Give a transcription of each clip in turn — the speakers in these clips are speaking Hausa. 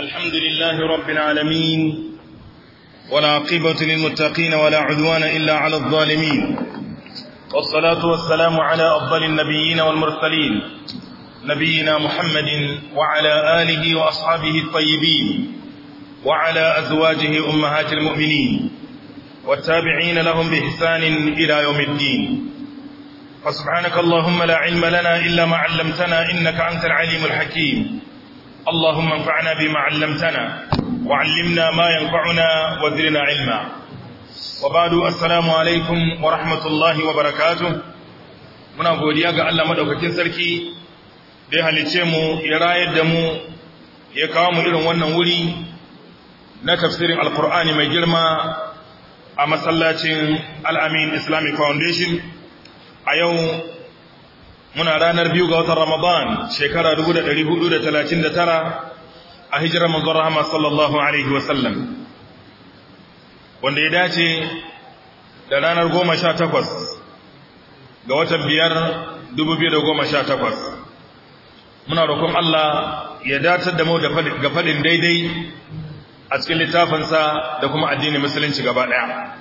الحمد لله رب العالمين ولا عقبة للمتقين ولا عدوان إلا على الظالمين والصلاة والسلام على أفضل النبيين والمرسلين نبينا محمد وعلى آله وأصحابه الطيبين وعلى أزواجه أمهات المؤمنين والتابعين لهم بإحسان إلى يوم الدين فسبحانك اللهم لا علم لنا إلا ما علمتنا إنك أنت العليم الحكيم اللهم انفعنا بما علمتنا وعلمنا ما ينفعنا وزرنا علما وبعد السلام عليكم ورحمة الله وبركاته muna godiya ga Allah madaukakin sarki da ya halice mu ya rayar da mu ya kawo mu irin wannan wuri na tafsirin alkur'ani mai girma a masallacin al'amin islamic foundation a yau muna ranar biyu ga watan Ramadan shekara 439 a hijirar manzon rahama sallallahu alaihi wasallam wanda ya dace da ranar 18 ga watan biyar 2018 muna roƙon Allah ya datar da mu ga faɗin daidai a cikin littafinsa da kuma addinin musulunci gaba ɗaya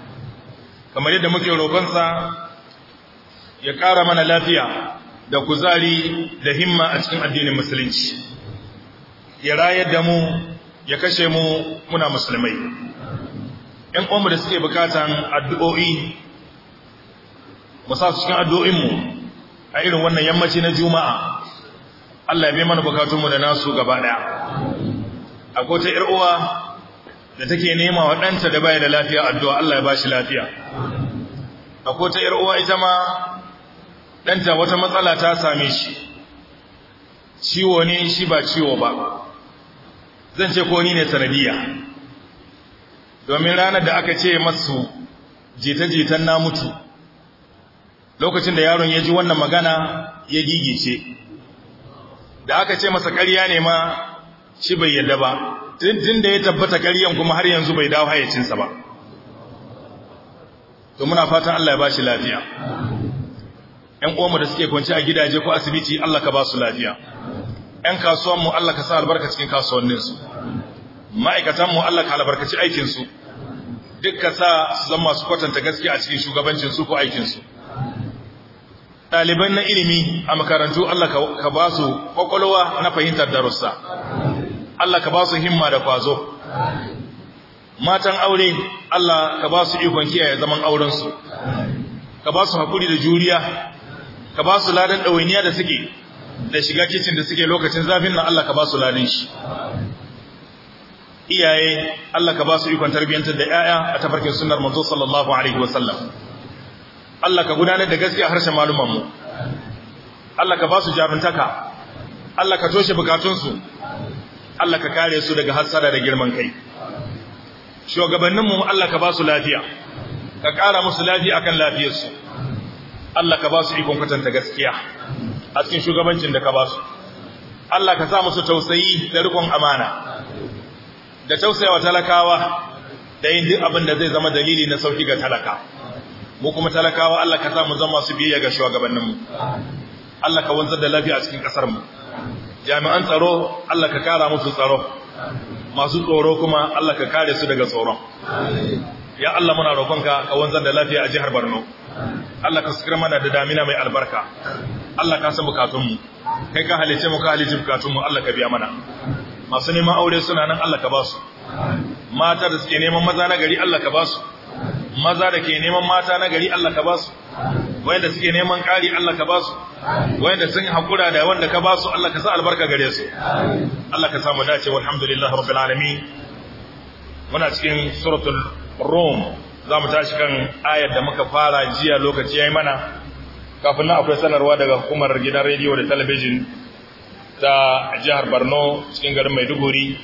kamar yadda muke roƙonsa ya ƙara mana lafiya da kuzari da himma a cikin addinin musulunci ya rayar da mu ya kashe mu muna musulmai ‘yan uwanmu da suke bukatan addu'o'i musa cikin addu'o'inmu a irin wannan yammaci na juma'a Allah ya bai mana bukatunmu da nasu gaba ɗaya akwai kota ‘yar'uwa da take nema wa ɗanta da baya da lafiya addu'a Allah ya ba shi lafiya akwai kota ‘yar'uwa ita ma Danta wata matsala ta same shi ciwo ne shi ba ciwo ba zan ce ko ni ne sanadiyya domin ranar da aka ce masu jita-jitan na mutu lokacin da yaron ya ji wannan magana ya gigice da aka ce masa karya ne ma shi bai yadda ba tun da ya tabbata ƙaryan kuma har yanzu bai dawo hayacinsa ba to muna fatan Allah ya ba shi lafiya ‘yan uwanmu da suke kwanci a gidaje ko asibiti Allah ka ba su lafiya, ‘yan kasuwanmu Allah ka sa albarka cikin kasuwanninsu, ma'aikatanmu Allah ka albarkaci aikinsu, duk ka sa su zama su kwatanta gaske a cikin shugabancinsu ko aikinsu. Ɗaliban na ilimi a makarantu Allah ka ba su ƙwaƙwalwa na fahimtar darussa, Allah ka ba su himma da kwazo. Matan aure Allah ka ba su ikon kiyaye zaman aurensu, ka ba su haƙuri da juriya ka ba su ladan ɗawainiya da suke da shiga kicin da suke lokacin zafin nan Allah ka ba su ladan shi iyaye Allah ka ba su ikon tarbiyyantar da 'ya'ya a tafarkin sunnar manzo sallallahu alaihi wa sallam Allah ka gudanar da gaskiya harshen maluman mu Allah ka ba su jarumtaka. Allah ka toshe bukatunsu Allah ka kare su daga hasara da girman kai shugabanninmu Allah ka ba su lafiya ka kara musu lafiya akan lafiyarsu Allah ka ba su ikon kwatanta gaskiya a cikin shugabancin da ka ba su Allah ka sa musu tausayi da rikon amana da tausayawa talakawa da yin duk abin da zai zama dalili na sauki ga talaka mu kuma talakawa Allah ka sa mu zama su biyayya ga shugabanninmu Allah ka wanzar da lafiya a cikin kasar mu jami'an tsaro Allah ka kara musu tsaro masu tsoro kuma Allah ka kare su daga tsoron ya Allah muna roƙonka ka wanzar da lafiya a jihar Borno Allah ka sukar mana da damina mai albarka Allah ka san bukatunmu kai ka halice mu ka halice bukatunmu Allah ka biya mana masu neman aure suna nan Allah ka ba su mata da suke neman maza na gari Allah ka ba su maza da ke neman mata na gari Allah ka ba su wanda suke neman ƙari Allah ka ba su wanda sun haƙura da wanda ka ba su Allah ka sa albarka gare su Allah ka samu dace walhamdulillah rabbil alamin muna cikin suratul rum za mu tashi kan ayar da muka fara jiya lokaci ya yi mana kafin nan akwai sanarwa daga hukumar gidan rediyo da talabijin ta jihar borno cikin garin maiduguri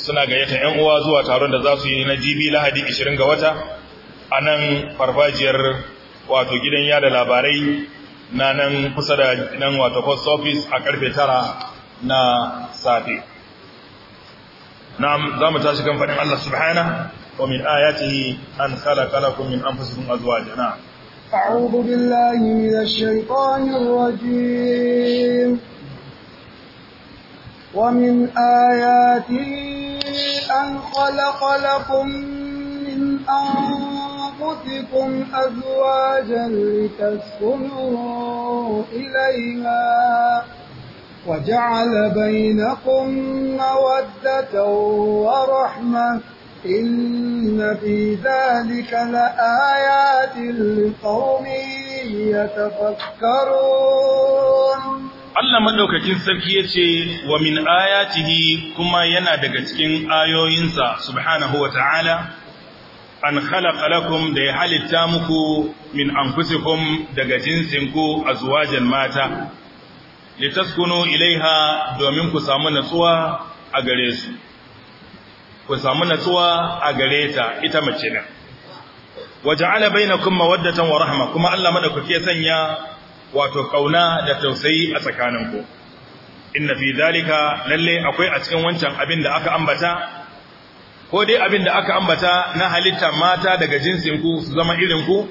suna gayyata 'yan uwa zuwa taron da za su yi na jibi lahadi 20 ga wata a nan farfajiyar wato gidan yada labarai na nan kusa da nan wato post office a karfe tara na safe na za mu tashi kan faɗin allah subhana ومن آياته أن خلق لكم من أنفسكم أزواجا نعم أعوذ بالله من الشيطان الرجيم ومن آياته أن خلق لكم من أنفسكم أزواجا لتسكنوا إليها وجعل بينكم مودة ورحمة إن في ذلك لآيات لقوم يتفكرون Allah madaukakin sarki yace wa min ayatihi kuma yana daga cikin ayoyinsa subhanahu wataala an khalaqa lakum da ya halitta muku min anfusikum daga jinsin jinsinku azwajan mata litaskunu ilaiha domin ku samu natsuwa a gare su ku samu natsuwa a gare ta ita mace ne waja'ala bainakum mawaddatan wa rahma kuma Allah ku ke sanya wato kauna da tausayi a tsakaninku inna fi zalika lalle akwai a cikin wancan abin da aka ambata ko dai abin da aka ambata na halitta mata daga jinsin ku su zama irin ku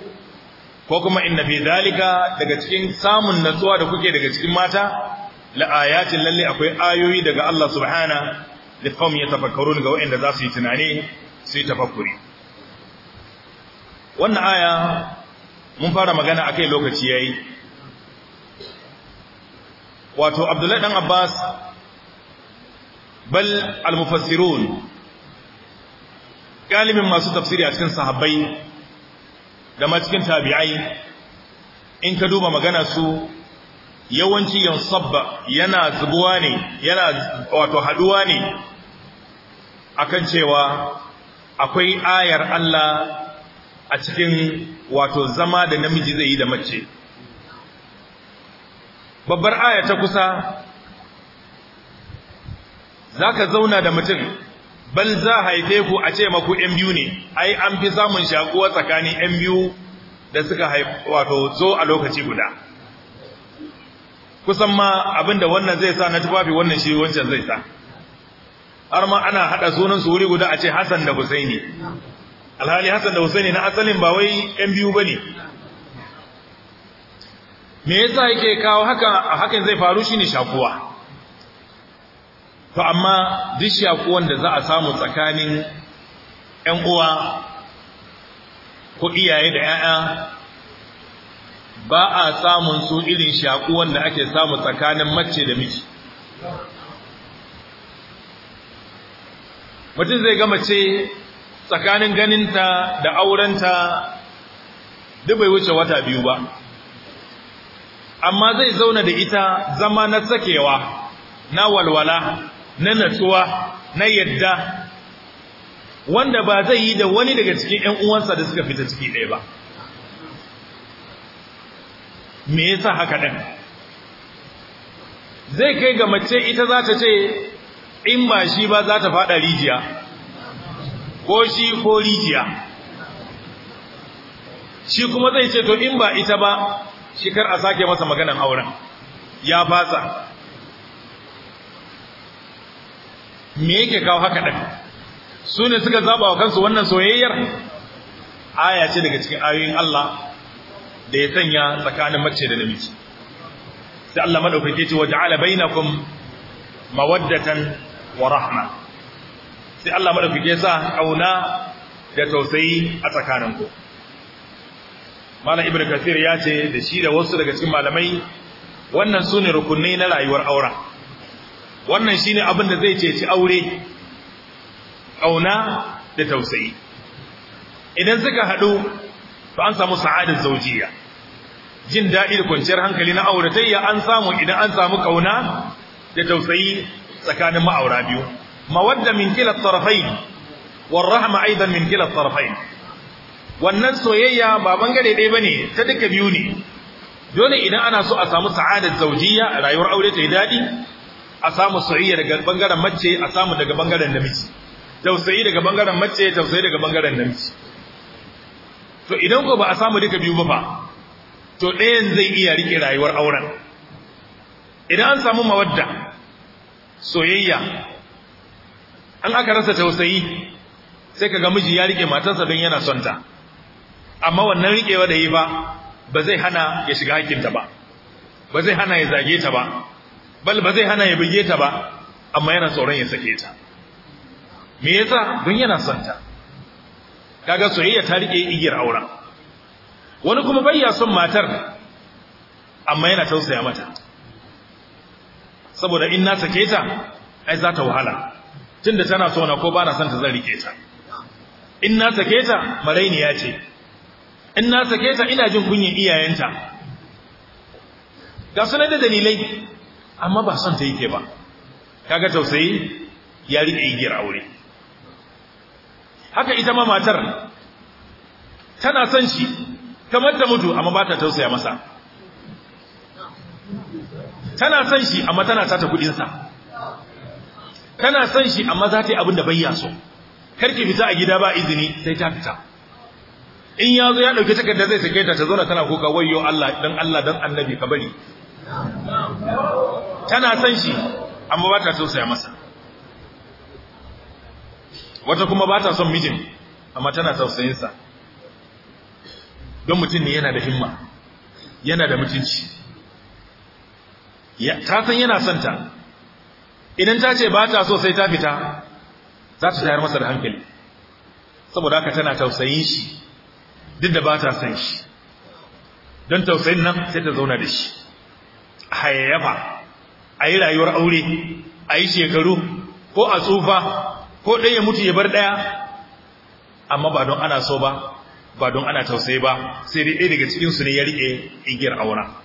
ko kuma inna fi zalika daga cikin samun natsuwa da kuke daga cikin mata la ayatin lalle akwai ayoyi daga Allah subhana liqawmi yatafakkarun ga waɗanda za su yi tunani su yi wannan aya mun fara magana akai lokaci yayi wato Abdullahi dan Abbas bal al-mufassirun galibin masu tafsiri a cikin sahabbai da ma cikin tabi'ai in ka duba magana su yawanci yansabba yana zubuwa ne yana wato haduwa ne akan cewa akwai ayar Allah a cikin wato zama da namiji zai yi da mace babbar aya ta kusa zaka zauna da mutum bal za haife ku a ce maku ‘yan biyu ne, ai, an fi samun shakuwa tsakanin ‘yan biyu da suka wato zo a lokaci guda. Kusan ma abinda wannan zai sa na tufafi wannan shi wancan zai sa. har ma ana hada sunan su wuri guda a ce Hassan da Husaini alhali Hassan da Husaini na asalin ba wai yan biyu bane me yasa yake kawo haka a hakan zai faru shi ne shakuwa to amma duk shakuwan da za a samu tsakanin 'yan uwa ko iyaye da 'ya'ya, ba a samun su irin shakuwan da ake samu tsakanin mace da miji mutum zai gama ce tsakanin ganinta da aurenta duk bai wuce wata biyu ba amma zai zauna da ita zama na tsakewa na walwala na natsuwa na yadda wanda ba zai yi da wani daga cikin 'yan uwansa da suka fita ciki ɗaya ba me yasa haka ɗin zai kai ga mace ita za ta ce in ba shi ba za ta fada rijiya ko shi ko rijiya shi kuma zai ce to in ba ita ba shi kar a sake masa maganan auren ya fasa me yake kawo haka ɗin su ne suka zaba wa kansu wannan soyayyar aya ce daga cikin ayoyin Allah da ya sanya tsakanin mace da namiji sai Allah madaukake ce ja'ala bainakum mawaddatan wa rahma sai Allah madaukake sa kauna da tausayi a tsakaninku Malam Ibn Kathir ya ce da shi da wasu daga cikin malamai wannan sune rukunai na rayuwar aura wannan shine abin da zai ceci aure kauna da tausayi idan suka haɗu to an samu sa'adar zaujiya jin daɗi da kwanciyar hankali na auratayya an samu idan an samu kauna da tausayi tsakanin ma'aura biyu mawadda min kila tarafain war rahma aidan min kila tarafain wannan soyayya ba bangare ɗaya bane ta duka biyu ne dole idan ana so a samu sa'adar zaujiyya rayuwar aure ta yi daɗi a samu soyayya daga bangaren mace a samu daga bangaren namiji tausayi daga bangaren mace tausayi daga bangaren namiji to idan ko ba a samu duka biyu ba to ɗayan zai iya rike rayuwar auren idan an samu mawadda soyayya an aka rasa tausayi sai kaga miji ya rike matarsa don yana son ta amma wannan rikewa da yi ba ba zai hana ya shiga hakinta ba ba zai hana ya zage ta ba bal ba zai hana ya buge ta ba amma yana tsoron ya sake ta me yasa don yana son ta kaga soyayya ta rike igiyar aura wani kuma bai ya son matar amma yana tausaya mata saboda in na sake ta ai za ta wahala tunda tana so na ko ba na son ta zan rike ta in na sake ta marainiya ce in na sake ta ina jin kunyin iyayenta ga sunan da dalilai amma ba son ta yake ba kaga tausayi ya rike igiyar aure haka ita ma matar tana son shi kamar ta mutu amma ba ta tausaya masa tana son shi amma tana tata kudinsa tana son shi amma za ta yi abin da bayya so karki fita a gida ba izini sai ta fita in ya zo ya ɗauki takarda zai sake ta ta zauna tana kuka wayo Allah dan Allah dan annabi ka bari tana son shi amma ba ta sai masa wata kuma ba ta son mijin amma tana tausayinsa don mutum ne yana da himma yana da mutunci ta san yana son ta idan ta ce ba ta so sai ta fita za ta tayar masa da hankali saboda haka tana tausayin shi duk da ba ta san shi don tausayin nan sai ta zauna da shi a hayayyafa a yi rayuwar aure a yi shekaru ko a tsufa ko ɗaya mutu ya bar ɗaya amma ba don ana so ba ba don ana tausayi ba sai dai ɗaya daga su ne ya riƙe igiyar aura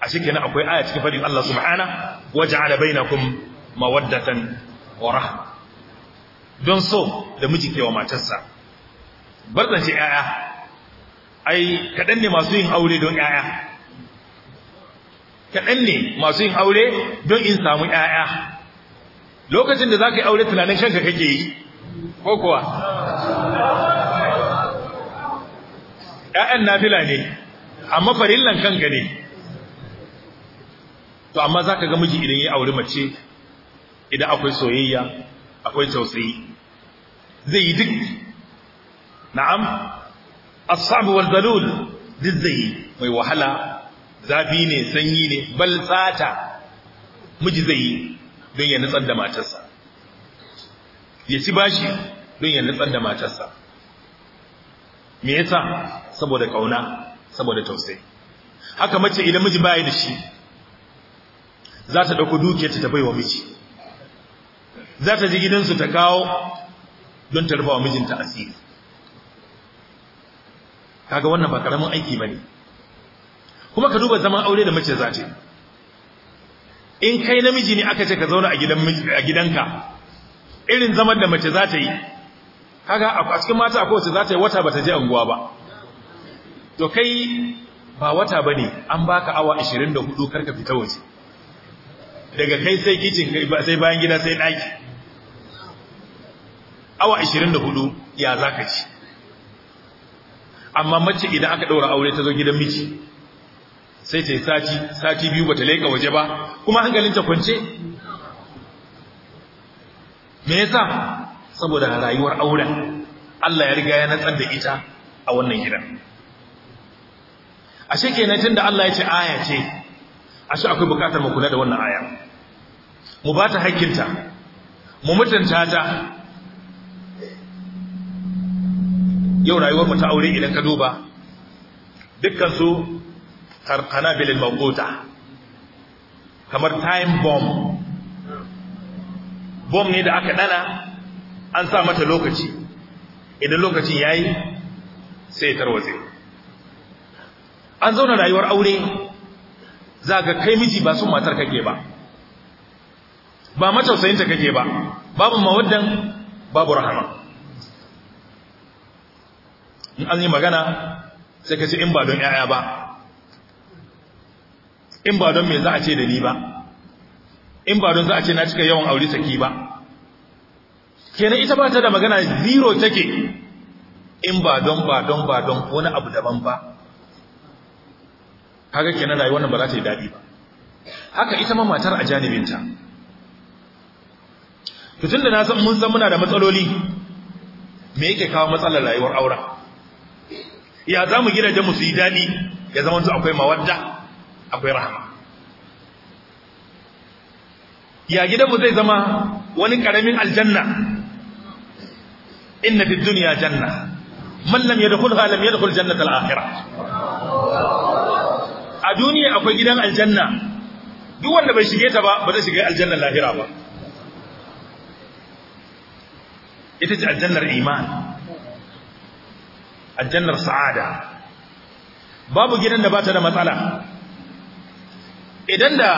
a shikenan akwai aya cikin fadin Allah subhana waja'ala bainakum mawaddatan wa rahma don so da miji ke wa matarsa barzance yaya ai kadan ne masu yin aure don yaya kadan ne masu yin aure don in samu yaya lokacin da za ka yi aure tunanin kanka kake yi ko kuwa ƴaƴan nafila ne amma farillan kanka ne to amma za ka ga miji idan ya auri mace idan akwai soyayya akwai tausayi zai yi duk na'am asabu wal zalul duk zai yi mai wahala zafi ne sanyi ne bal tsata miji zai yi don ya nutsar da matarsa ya ci bashi don ya nutsar da matarsa me yasa saboda kauna saboda tausayi haka mace idan miji baya da shi za ta dauko dukiyarta ta baiwa miji za ta ji gidansu ta kawo don ta rufa wa mijinta asiri kaga wannan ba karamin aiki bane kuma ka duba zaman aure da mace za ta in kai namiji ne aka ce ka zauna a gidanka irin zaman da mace za ta yi kaga a cikin mata akwai wacce za ta yi wata bata je anguwa ba to kai ba wata ba ne an baka awa 24 karka fita waje daga kai sai kicin sai bayan gida sai ɗaki awa 24 ya za ka ci amma mace idan aka ɗaura aure ta zo gidan miji sai ta yi sati sati biyu ba ta laika waje ba kuma ta kwance me yasa saboda rayuwar auren Allah ya riga ya natsar da ita a wannan gidan ashe kenan tunda Allah ya ce aya ce ashe akwai bukatar mu kula da wannan aya mu ba ta haƙƙinta mu mutunta ta yau rayuwar mu ta aure idan ka duba dukkan su bilin mawquta kamar time bomb bomb ne da aka dana an sa mata lokaci idan lokacin yayi sai ya an zauna rayuwar aure za ga kai miji ba sun matar kake ba ba matausayinta kake ba babu mawaddan babu rahama in an yi magana sai ka ce in ba don 'ya'ya ba in ba don me za a ce da ni ba in ba don za a ce na cika yawan aure saki ba kenan ita ba ta da magana zero take in ba don ba don ba don wani abu daban ba kaga kenan rayuwa wannan ba za ta yi daɗi ba haka ita ma matar a janibinta tunda da na san mun san muna da matsaloli me yake kawo matsalar rayuwar aura ya za mu gidajen mu su yi daɗi ya zama akwai mawadda akwai rahama ya mu zai zama wani karamin aljanna inna fid dunya janna man lam yadkhulha lam yadkhul jannata al-akhirah a duniya akwai gidan aljanna duk wanda bai shige ta ba ba zai shiga aljanna lahira ba ita ce aljannar iman aljannar sa'ada babu gidan da ba ta da matsala idan da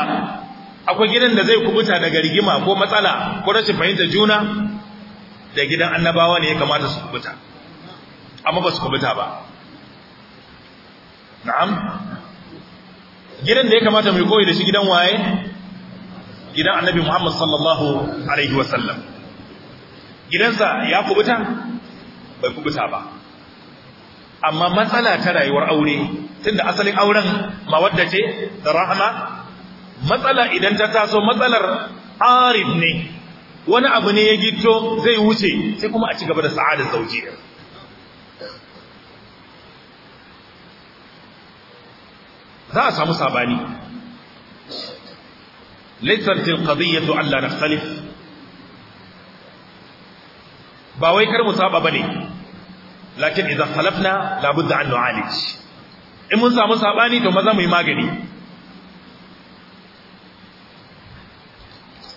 akwai gidan da zai kubuta daga rigima ko matsala ko rashin fahimtar juna da gidan annabawa ne ya kamata su kubuta amma ba su kubuta ba na'am gidan da ya kamata mai koyi da shi gidan waye gidan annabi Muhammad sallallahu alaihi wasallam gidansa ya kubuta bai kubuta ba amma matsala ta rayuwar aure tunda asalin auren wadda ce da rahama matsala idan ta taso matsalar arif ne wani abu ne ya gito zai wuce sai kuma a ci gaba da sa'adar zaujiyar za a samu sabani laysat Allah alla naftalif ba wai kar mu saba bane lakin idan khalafna la budda an nu'alij in mun samu sabani to maza mu yi magani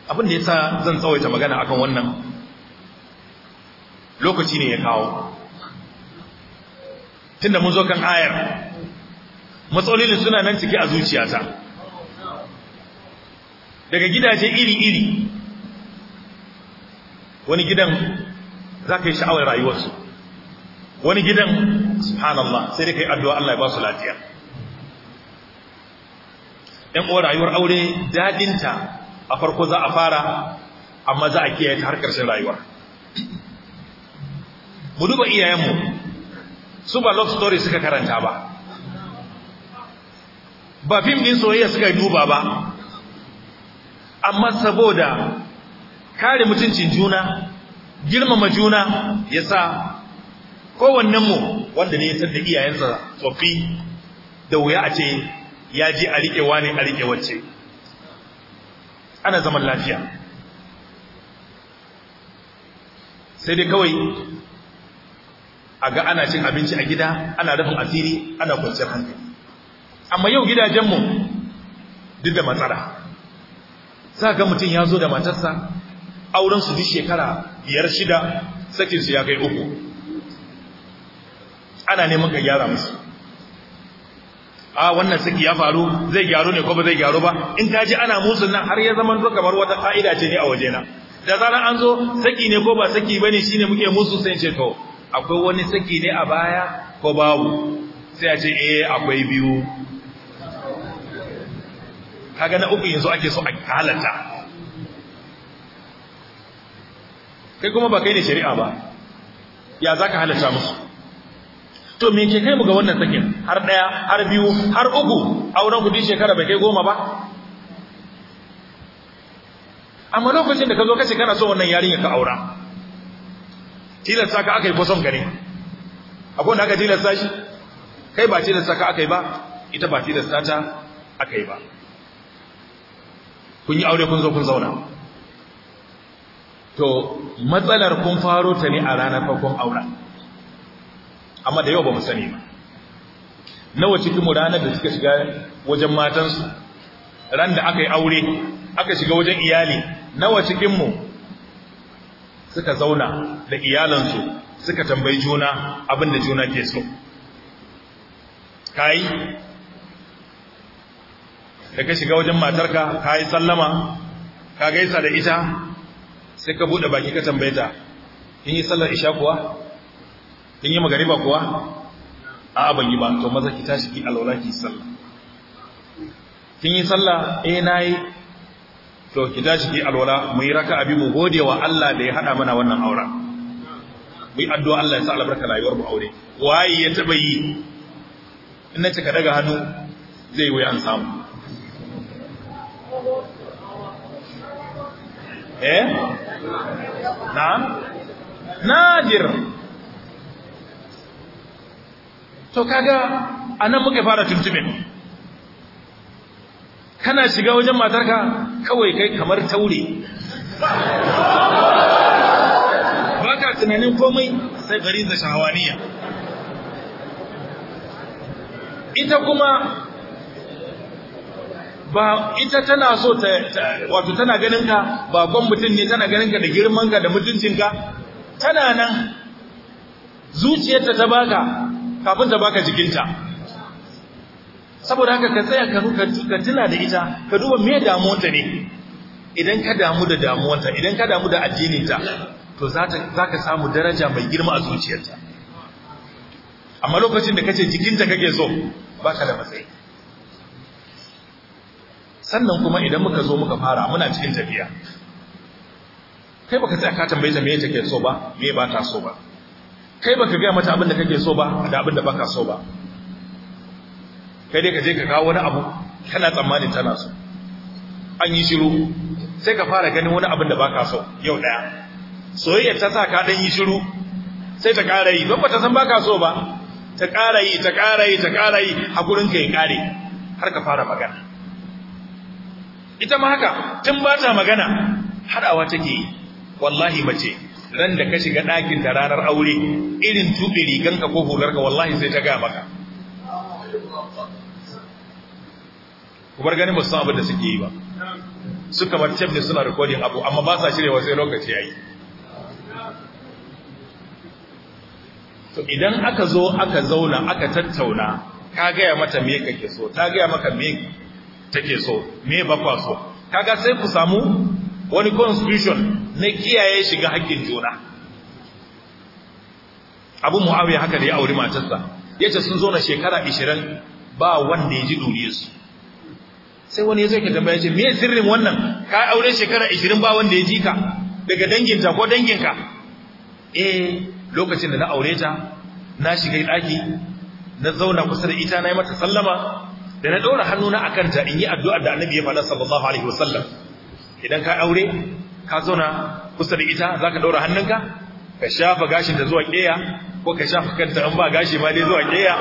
abin da yasa zan tsawaita magana akan wannan lokaci ne ya kawo tunda mun zo kan ayar matsalolin suna nan cike a zuciyata daga gidaje iri-iri wani gidan za ka yi sha'awar rayuwarsu wani gidan subhanallah sai dai ka yi addu'a Allah ya ba su lafiya ‘yan uwa rayuwar aure daɗinta a farko za a fara amma za a kiyaye ta har ƙarshen rayuwar. mu duba iyayenmu su ba love story suka karanta ba ba fim din soyayya suka duba ba amma saboda kare mutuncin juna girmama juna yasa wannan mu wanda ne ya san da iyayensa tsofi da wuya a ce ya ji a riƙe wani a riƙe wacce ana zaman lafiya sai dai kawai a ga ana cin abinci a gida ana rufin asiri ana kwanciyar hankali amma yau gidajenmu duk da matsara za ga mutum ya zo da matarsa su duk shekara biyar shida sakinsu ya kai uku ana neman ka gyara musu a wannan saki ya faru zai gyaru ne ko ba zai gyaru ba in ta ji ana musu nan har ya zama zo kamar wata fa'ida ce ne a wajena da zarar an zo saki ne ko ba saki bane shine muke musu sai ce to akwai wani saki ne a baya ko babu sai a ce eh akwai biyu kaga na uku yanzu ake so a halatta kai kuma ba kai ne shari'a ba ya za ka halatta musu to me ke kai mu ga wannan sakin har ɗaya har biyu har uku auren kudi shekara bai kai goma ba amma lokacin da ka zo kace kana so wannan yarinya ka aura tilasta ka aka yi kusan ka akwai wanda aka tilasta shi kai ba tilasta ka aka yi ba ita ba tilasta ta aka yi ba kun yi aure kun zo kun zauna to matsalar kun faro ta ne a ranar farkon aure? amma da yau ba mu sani ba nawa cikin mu ranar da suka shiga wajen matansu ran da aka yi aure aka shiga wajen iyali nawa cikinmu mu suka zauna da iyalansu suka tambayi juna abin da juna ke so kai da ka shiga wajen matarka ka yi sallama ka gaisa da ita sai ka buɗe baki ka tambaye ta kin yi sallar isha kuwa kin yi magariba kuwa a'a ban yi ba to maza ki tashi ki alwala ki sallah kin yi sallah eh nayi to ki tashi ki alwala mu yi raka'a bi mu gode wa Allah da ya hada mana wannan aura mu yi addu'a Allah ya sa albarka rayuwar mu aure waye ya taba yi in nace ka daga hannu zai wuya an samu eh na'am nadir to kaga anan muka fara tuntube. kana shiga wajen matarka kawai kai kamar taure baka tunanin komai sai garin da shawaniya ita kuma ba ita tana so ta wato tana ganin ka bakon mutum ne tana ganin ka da girman ka da mutuncin ka tana nan zuciyarta ta baka kafin ta baka jikinta saboda haka ka tsaya ka ka tuna da ita ka duba me damuwarta ne idan ka damu da damuwarta idan ka damu da addininta to za ka samu daraja mai girma a zuciyarta amma lokacin da kace jikinta kake so baka da matsayi sannan kuma idan muka zo muka fara muna cikin tafiya kai baka tsaya ka tambaye ta meye take so ba me ba ta so ba kai baka ga mata abin da kake so ba da abin da baka so ba kai dai ka je ka kawo wani abu kana tsammani tana so an yi shiru sai ka fara ganin wani abin da baka so yau daya soyayya ta sa ka dan yi shiru sai ta ƙara yi don bata san baka so ba ta ƙara yi ta ƙara yi ta ƙara yi hakurin ka ya ƙare har ka fara magana ita ma haka tun ba ta magana hadawa take yi wallahi mace ran da ka shiga dakin da ranar aure irin tuɓe riganka ko hularka wallahi sai ta gaya maka ku bar ganin abin da suke yi ba suka bar cef ne suna rikodin abu amma ba sa shirewa sai lokaci ya yi to idan aka zo aka zauna aka tattauna ka gaya mata me kake so ta gaya maka me take so me ba kwa so kaga sai ku samu wani constitution na kiyaye shiga haƙƙin juna abu muawiya haka da ya auri matarsa yace sun zo na shekara 20 ba wanda ya ji su sai wani ya zai ka tambaya ce me sirrin wannan ka aure shekara 20 ba wanda ya ji ka daga danginta ko danginka eh lokacin da na aure ta na shiga daki na zauna kusa da ita na yi mata sallama da na ɗora hannuna a ta in yi addu'a da annabi ya faɗa sallallahu alaihi wasallam idan ka aure ka zauna kusa da ita za ka ɗora hannunka ka shafa gashin da zuwa ƙeya ko ka shafa kanta an ba gashi ma dai zuwa ƙeya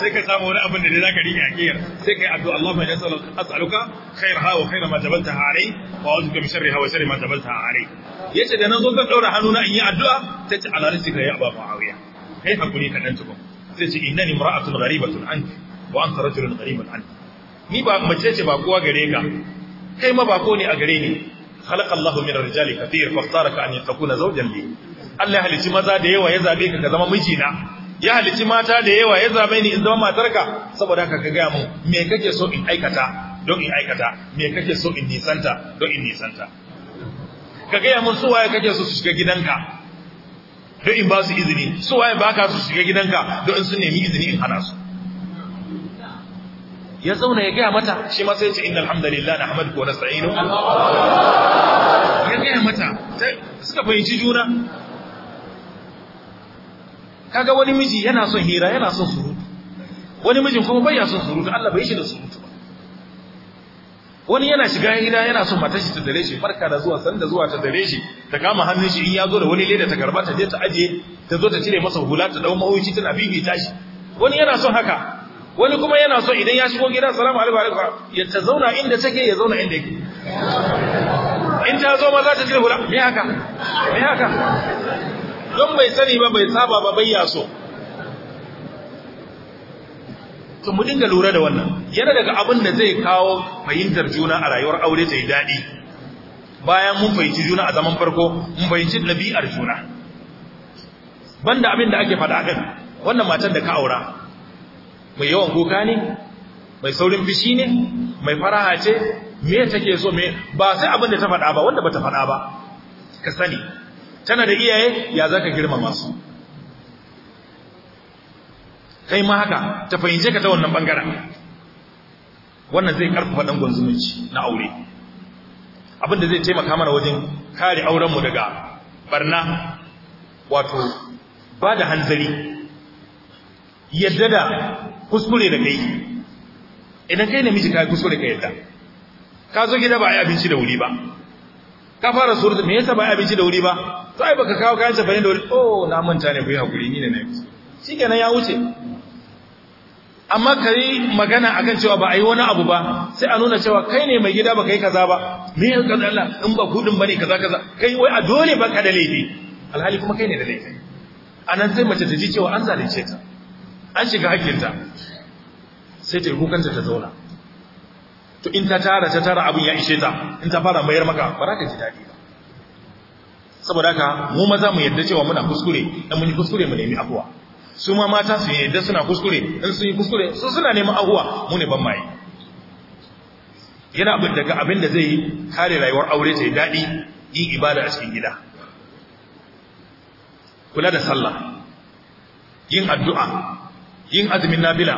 sai ka samu wani abin da dai zaka ka a ƙeyar sai ka yi addu'a Allah mai yasa as'aluka khair hawa khair ma tabalta alai wa azuka min sharri hawa sharri ma tabalta alai yace da nan zo ka ɗora hannuna in yi addu'a ta ci ala risika ya aba muawiya kai hakuri ka dan tukun zai ce innani mura'atun gharibatun anki wa anta rajulun gharibun anki ni ba mace ce ba kowa gare ka kai ma bako ne a gare ni khalaqa Allahu min ar-rijali kathir ka an yatakuna zawjan li Allah halici maza da yawa ya zabe ka ka zama mijina ya halici mata da yawa ya zabe ni in zama matarka saboda haka ka ga mu me kake so in aikata don in aikata me kake so in nisanta don in nisanta ka ga mun waye kake so su shiga gidanka don in ba su izini su waye ba ka su shiga gidanka don in sun nemi izini in hana su ya zauna ya gaya mata shi ma sai ce inna alhamdulillah na hamadu ko na ya gaya mata suka fahimci juna kaga wani miji yana son hira yana son surutu wani mijin kuma bai ya son surutu Allah bai shi da surutu wani yana shiga gida yana son matar shi ta dare shi farka da zuwa sanda zuwa ta dare shi ta kama hannun shi in ya zo da wani leda ta karba ta je ta aje ta zo ta cire masa hula ta dau mawuci tana bibita shi wani yana son haka wani kuma yana son idan ya shigo gida salamu alaikum ya ta zauna inda take ya zauna inda yake in ta zo ma za ta cire hula me haka me haka don bai sani ba bai saba ba bai yaso mu dinga lura da wannan yana daga abin da zai kawo fahimtar juna a rayuwar aure ta yi daɗi bayan mun fahimci juna a zaman farko mun fahimci ɗabi'ar juna banda abin da ake faɗa kan wannan matar da ka aura mai yawan kuka ne mai saurin fishi ne mai faraha ce me take so me ba sai abin da ta faɗa ba wanda bata faɗa ba ka sani tana da iyaye ya za ka girmama su kai ma haka ta fahimce ka ta wannan bangaren wannan zai karfafa dangon zumunci na aure abin da zai taimaka mana wajen kare aurenmu daga barna wato ba da hanzari yadda da kuskure da kai idan kai namiji ka kuskure ka yadda ka zo gida ba a yi abinci da wuri ba ka fara surutu me yasa ba a yi abinci da wuri ba to ai baka kawo kayan safari da wuri oh na manta ne ku yi hakuri ni ne na yi kenan ya wuce amma ka yi magana akan cewa ba a yi wani abu ba sai a nuna cewa kai ne mai gida ba ka yi kaza ba mai yin kaza Allah in ba kudin ba ne kaza kaza kai wai a dole ba ka da laifi alhali kuma kai ne da laifi a nan sai mace ta ji cewa an zalunce ta an shiga hakkinta sai ta yi kukanta ta zauna to in ta tara ta tara abin ya ishe ta in ta fara mayar maka ba za ta ji daɗi ba saboda haka mu maza mu yarda cewa muna kuskure dan mun yi kuskure mu nemi afuwa su ma mata su yadda suna kuskure in sun yi kuskure su suna neman ahuwa mu ne ban maye yana daga abin da zai kare rayuwar aure ta yi daɗi yin ibada a cikin gida kula da sallah yin addu'a yin azumin nabila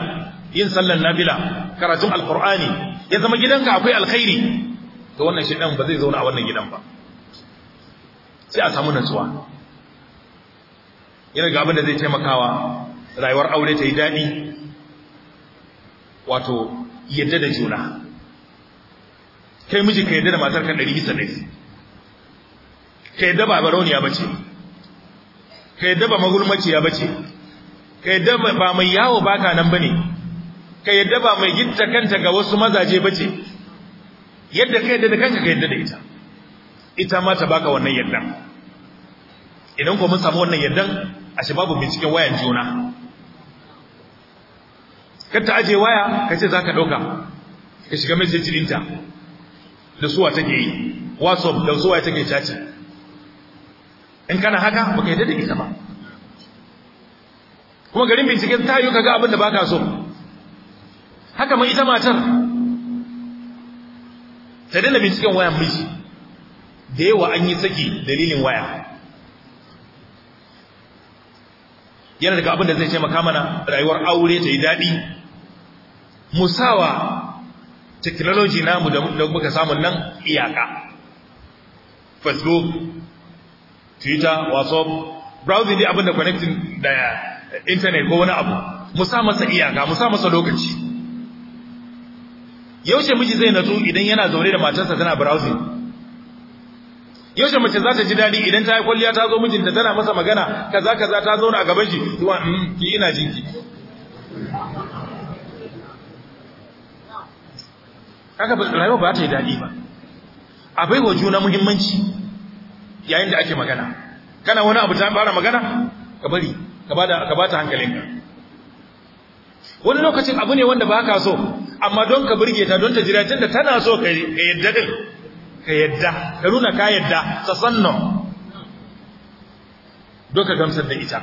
yin sallan nabila karatun alkur'ani ya zama gidanka akwai alkhairi to wannan shi ba zai zauna a wannan gidan ba sai a samu natsuwa yana ga abin da zai taimakawa rayuwar aure ta yi daɗi wato yadda da juna kai miji ka yadda da matar kan ɗari bisa ɗari ka yadda ba barauniya bace ka yadda ba magulmaciya bace ka yadda ba mai yawo baka nan bane ka yadda ba mai gitta kanta ga wasu mazaje bace yadda ka yadda da kanka ka yadda da ita ita ma ta baka wannan yaddan idan ko mun samu wannan yaddan a shi babu binciken wayan juna kar ta aje waya ka ce za ka ɗauka ka shiga message ɗinta da suwa take yi wasu da suwa take caci in kana haka ba ka yadda da ita ba kuma garin binciken ta yi kaga abinda ba ka so haka mai ita matar ta daina binciken wayan miji da yawa an yi saki dalilin waya yana daga abin da zai taimaka mana rayuwar aure ta yi daɗi musawa technology namu da muka samu nan iyaka facebook twitter whatsapp browsing dai abin da connecting da internet ko wani abu musa masa iyaka musa masa lokaci yaushe miji zai natsu idan yana zaune da matarsa tana browsing yaushe mace za ta ji daɗi idan ta yi kwalliya ta zo mijinta tana masa magana kaza kaza ta zauna a gaban shi zuwa mm, ki ina jinki kaga rayuwa ba ta yi daɗi ba a bai wa juna muhimmanci yayin da ake magana kana wani abu ta fara magana ka bari ka ba ta hankalinka wani lokacin abu ne wanda ba ka so amma don ka birge ta don ta jira tun da tana so ka yadda din ka yadda ka nuna ka yadda sannan doka gamsar da ita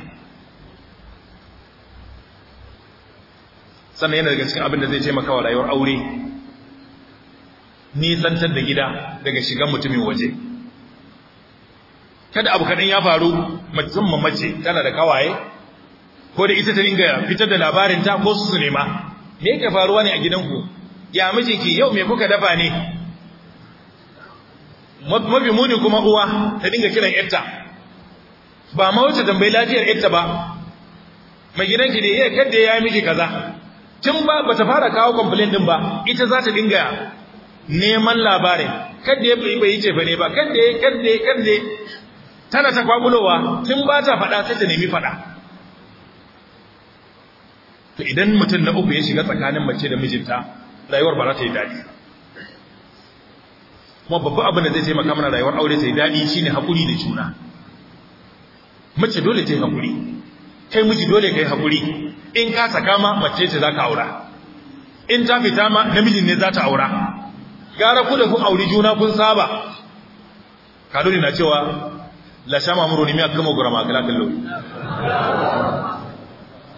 sannan yana daga cikin abin da zai taimaka wa rayuwar aure nisantar da gida daga shigan mutumin waje kada abu kaɗan ya faru mutum mace tana da kawaye ko da ita ta dinga fitar da labarin ta ko su su nema me yake faruwa ne a gidanku ya ki yau me kuka dafa ne mafi muni kuma uwa ta dinga kiran yarta ba ma wuce tambayi lafiyar yarta ba mai gidanki da iya eh, kadda ya miki kaza tun ba ta fara kawo complaint din ba ita za ta dinga neman labarin kadda ya bai yi cefane ne ba kadda ya kadda ya kadda tana ta kwakulowa tun ba ta faɗa sai ta nemi faɗa to idan mutum na uku ya shiga tsakanin mace da mijinta rayuwar ba za ta yi daɗi kuma babba abin da zai taimaka mana rayuwar aure ta yi daɗi shine haƙuri da juna mace dole ta yi haƙuri kai miji dole ka yi haƙuri in ka saka ma mace ce za ka aura in ta fita ma namijin ne za ta aura gara ku da kun auri juna kun saba kaduri na cewa la shama muru ne miya kama gura makala kallo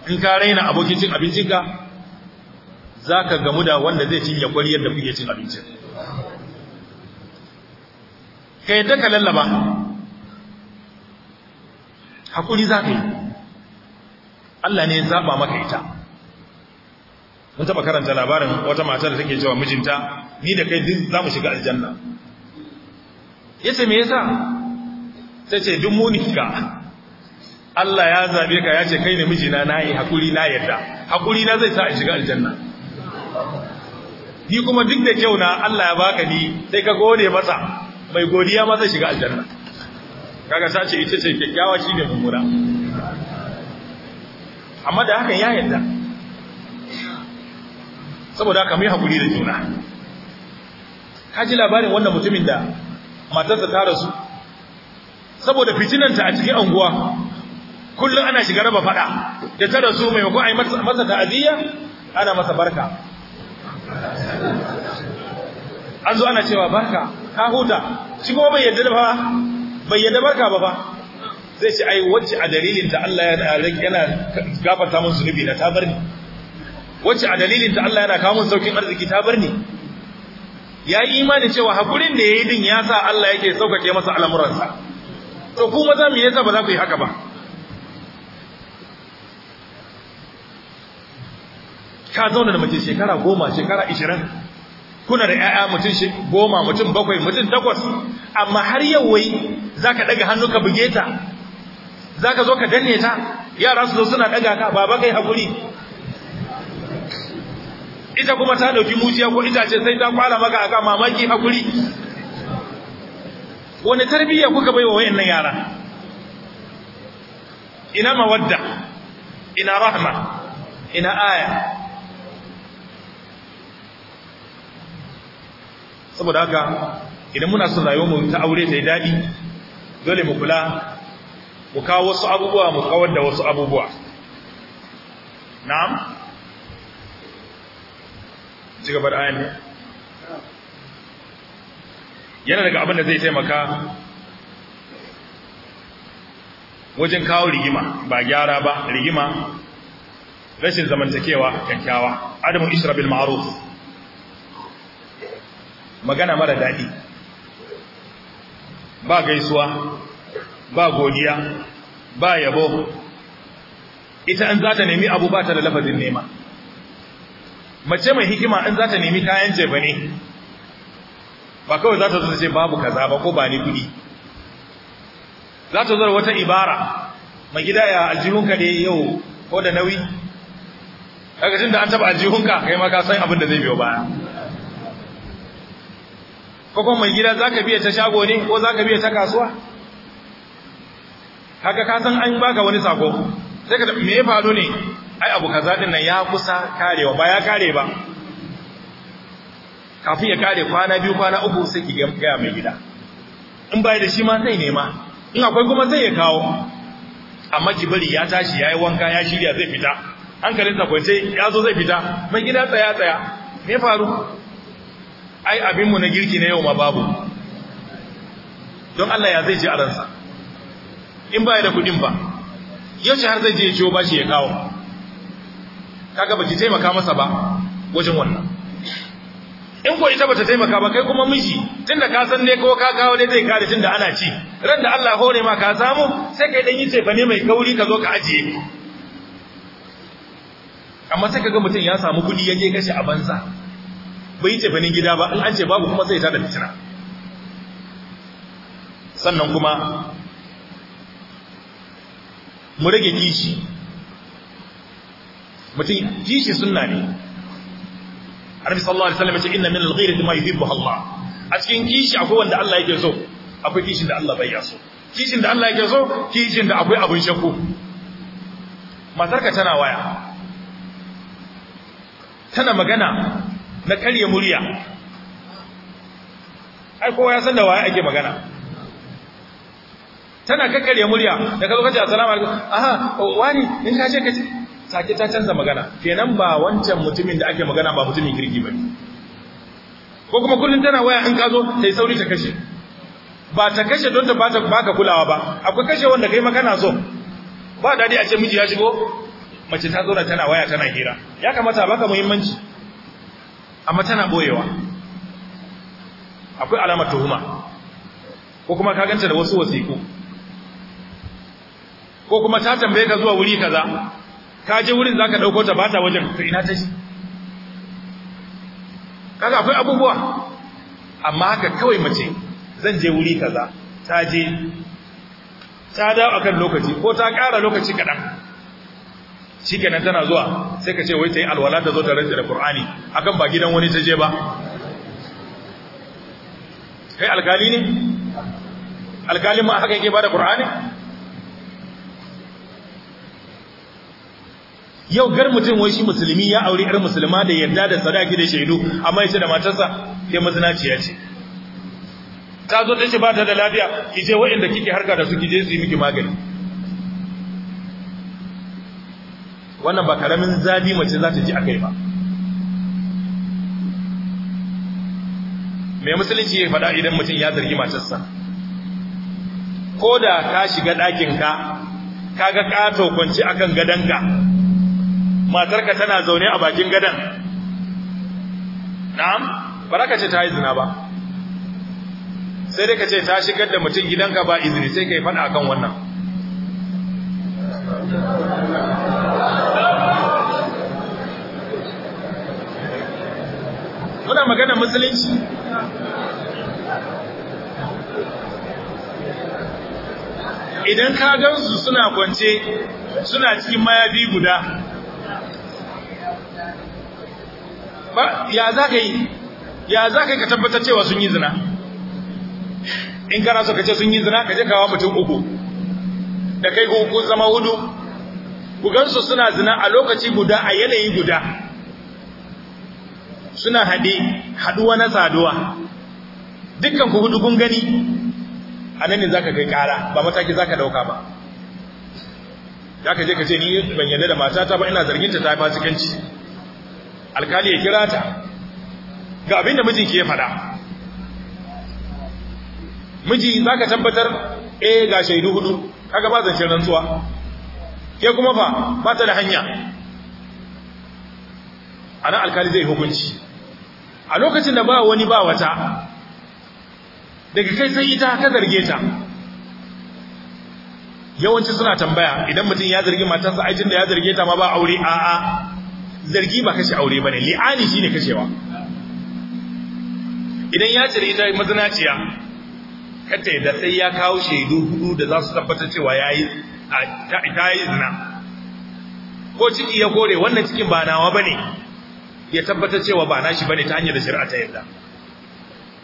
in ka raina abokin cin abincinka za ka gamu da wanda zai cinye kwari yadda kuke cin abincin ka yadda ka lallaba hakuri za ka yi Allah ne zaɓa maka ita mun taɓa karanta labarin wata matar da take cewa mijinta ni da kai duk za mu shiga aljanna ya ce me yasa ta ce duk munika Allah ya zabe ka ya ce kai ne mijina na yi hakuri na yadda hakuri na zai sa in shiga aljanna ni kuma duk da kyau na Allah ya baka ni sai ka gode masa mai godiya ma zai shiga aljanna kaga sace ita ce kyakkyawa ne mummuna amma da hakan ya yadda. saboda haka mu yi hakuri da juna ka ji labarin wannan mutumin da matarsa ta rasu saboda fitinanta a cikin anguwa kullum ana shiga raba fada da ta rasu maimakon a yi masa ta'aziyya ana masa barka an zo ana cewa barka ka huta shi kuma bai yadda ba bai yadda barka ba ba zai ce ai wacce a dalilin ta Allah yana gafarta mun zunubi na ta bar ni wacce a dalilin ta Allah yana kawo mun saukin arziki ta bar ni ya yi imani cewa hakurin da ya yi din ya sa Allah yake sauƙaƙe masa al'amuransa to kuma za mu yasa ba za ku yi haka ba ka zauna da mace shekara goma shekara ishirin kuna da ƴaƴa mutum shi goma mutum bakwai mutum takwas amma har yau wai zaka daga hannu ka buge ta zaka zo ka danne ta yara su zo suna daga ka baba kai hakuri ita kuma ta dauki muciya ko ita ce sai ta kwala maka aka mamaki hakuri wani tarbiyya kuka baiwa wayannan yara ina mawadda ina rahma ina aya saboda haka idan muna son rayuwar mu ta aure ta yi daɗi dole mu kula mu kawo wasu abubuwa mu kawar da wasu abubuwa na'am ci gaba da ne yana daga abin da zai taimaka wajen kawo rigima ba gyara ba rigima rashin zamantakewa kyakkyawa adamu isra bil magana mara daɗi ba gaisuwa ba godiya ba yabo ita an za ta nemi abu ba ta da lafazin nema mace mai hikima an za ta nemi kayan jefa ne ba kawai za ta zo ce babu kaza ba ko ba ni kudi za ta zo wata ibara mai gida ya aljihunka ne yau ko da nauyi daga da an taba aljihunka kai ma ka san abin da zai biyo baya ko mai gida zaka biya ta shago ne ko zaka biya ta kasuwa Haka ka san an baka wani sako sai ka me ya faru ne ai abu kaza din nan ya kusa karewa ba ya kare ba kafin ya kare kwana biyu kwana uku sai ki ga mai gida in bai da shi ma sai nema in akwai kuma zai ya kawo amma bari ya tashi yayi wanka ya shirya zai fita hankalinsa kwance ya zo zai fita mai gida tsaya tsaya me faru ai abinmu na girki na yau ma babu don Allah ya zai ce a ransa in baya da kudin ba yaushe har zai je ya ciwo shi ya kawo kaga ba ki taimaka masa ba wajen wannan in ko ita bata taimaka ba kai kuma miji tunda ka san ne ko ka kawo ne zai kare tunda ana ci ran da Allah hore ma ka samu sai kai dan yi ce ne mai kauri ka zo ka ajiye amma sai ka ga mutum ya samu kudi yake kashe a banza bai yi tafanin gida ba in an ce babu kuma zai tada fitina sannan kuma mu rage kishi mutum kishi sunna ne Annabi sallallahu alaihi wasallam ya ce inna min al-ghayri ma yuhibbu Allah a cikin kishi akwai wanda Allah yake so akwai kishin da Allah bai ya so kishin da Allah yake so kishin da akwai abin shakku matarka tana waya tana magana na karya murya ai kowa ya san da waye ake magana tana kakkarya murya daga lokacin assalamu alaikum aha wani in ka ce ka ce sake ta canza magana kenan ba wancan mutumin da ake magana ba mutumin kirki bane ko kuma kullun tana waya in ka zo sai sauri ta kashe ba ta kashe don ta bata baka kulawa ba akwai kashe wanda kai makana so ba dadi a ce miji ya shigo mace ta zo tana waya tana hira ya kamata baka muhimmanci amma tana boyewa akwai alama tuhuma ko kuma ka ganta da wasu wasiku ko kuma ta tambaye ka zuwa wuri kaza ka je wurin zaka ɗauko ta bata wajen to ina ta shi kaga akwai abubuwa amma haka kawai mace zan je wuri kaza ta je ta dawo akan lokaci ko ta ƙara lokaci kaɗan shi nan tana zuwa sai ka ce wai ta yi alwala ta zo ta rantsa da a kan ba gidan wani ta je ba kai alkali ne alkalin ma haka yake bada ƙur'ani yau gar mutum wai shi musulmi ya auri yar musulma da yadda da sadaki da shaidu amma yace da matarsa ke mazinaciya ce ta zo ta ce ba ta da lafiya ki je waɗanda kike harka da su ki je su yi miki magani wannan ba karamin zabi mace za ta ji a kai ba mai musulunci ya faɗa idan mutum ya zargi matarsa ko da ka shiga ɗakinka ka ga ƙato kwanci akan gadonka matarka tana zaune a bakin gadon na'am ba za ka ce ta yi zina ba sai dai ka ce ta shigar da mutum gidanka ba izini sai ka yi faɗa akan wannan magana musulunci idan ka gansu suna kwance suna cikin mayafi guda ya za ka yi ya za ka yi ka tabbatar cewa sun yi zina in kana so ka ce sun yi zina ka je kawo mutum uku da kai ku zama hudu ku gansu suna zina a lokaci guda a yanayi guda suna hade haduwa na saduwa dukkan ku hudu kun gani anan ne zaka kai kara ba mataki zaka dauka ba zaka je ka ce ni ban yarda da matata ba ina zargin ta ta fasikanci alkali ya kira ta ga abin da mijinki ya fada miji zaka tabbatar eh ga shaidu hudu kaga ba zancin rantsuwa ke kuma fa ba ta da hanya ana alkali zai hukunci a lokacin da ba wani ba wata daga kai sai ita ka zarge ta yawanci suna tambaya idan mutum ya zargi matarsa aijin da ya zarge ta ma ba aure a'a zargi ba kashe aure bane li'ani shine kashewa idan ya cire ita mazinaciya kata da sai ya kawo shaidu hudu da za su tabbatar cewa yayi ta yi zina ko ciki ya kore wannan cikin ba nawa bane ya tabbatar cewa ba nashi bane ta hanyar shari'a ta yarda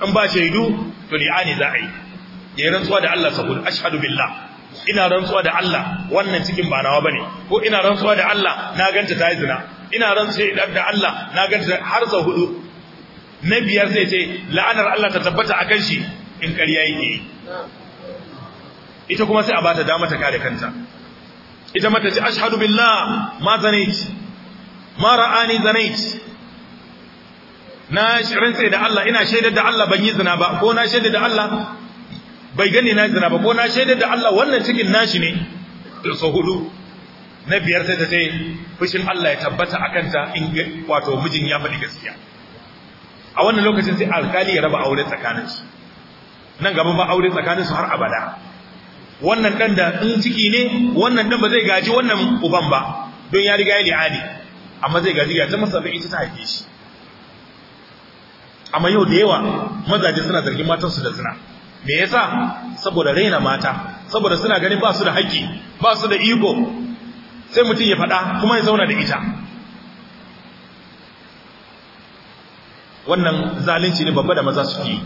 in ba shaidu to li'ani za a yi ya rantsuwa da Allah sabul ashhadu billah ina rantsuwa da Allah wannan cikin ba nawa bane ko ina rantsuwa da Allah na ganta ta yi zina ina rantsuwa da Allah na ganta har sau hudu na biyar zai ce la'anar Allah ta tabbata akan shi in ƙarya yake ita kuma sai a bata dama ta kare kanta ita mata ce ashhadu billah ma zanait ma ra'ani zanait na rantse da Allah ina shaidar da Allah ban yi zina ba ko na shaidar da Allah bai gani na zina ba ko na shaidar da Allah wannan cikin nashi ne da so hudu na biyar ta ta sai fushin Allah ya tabbata a kanta in wato mijin ya faɗi gaskiya a wannan lokacin sai alkali ya raba aure tsakanin su nan gaba ba aure tsakanin su har abada wannan dan da in ciki ne wannan dan ba zai gaji wannan uban ba don ya riga ya li'ani amma zai gaji ya ta masa ita ta haife shi amma yau da yawa mazaje suna zargin matansu da zina me yasa saboda raina mata saboda suna ganin ba su da haƙi ba su da iko sai mutum ya faɗa kuma ya zauna da ita wannan zalunci ne babba da maza suke yi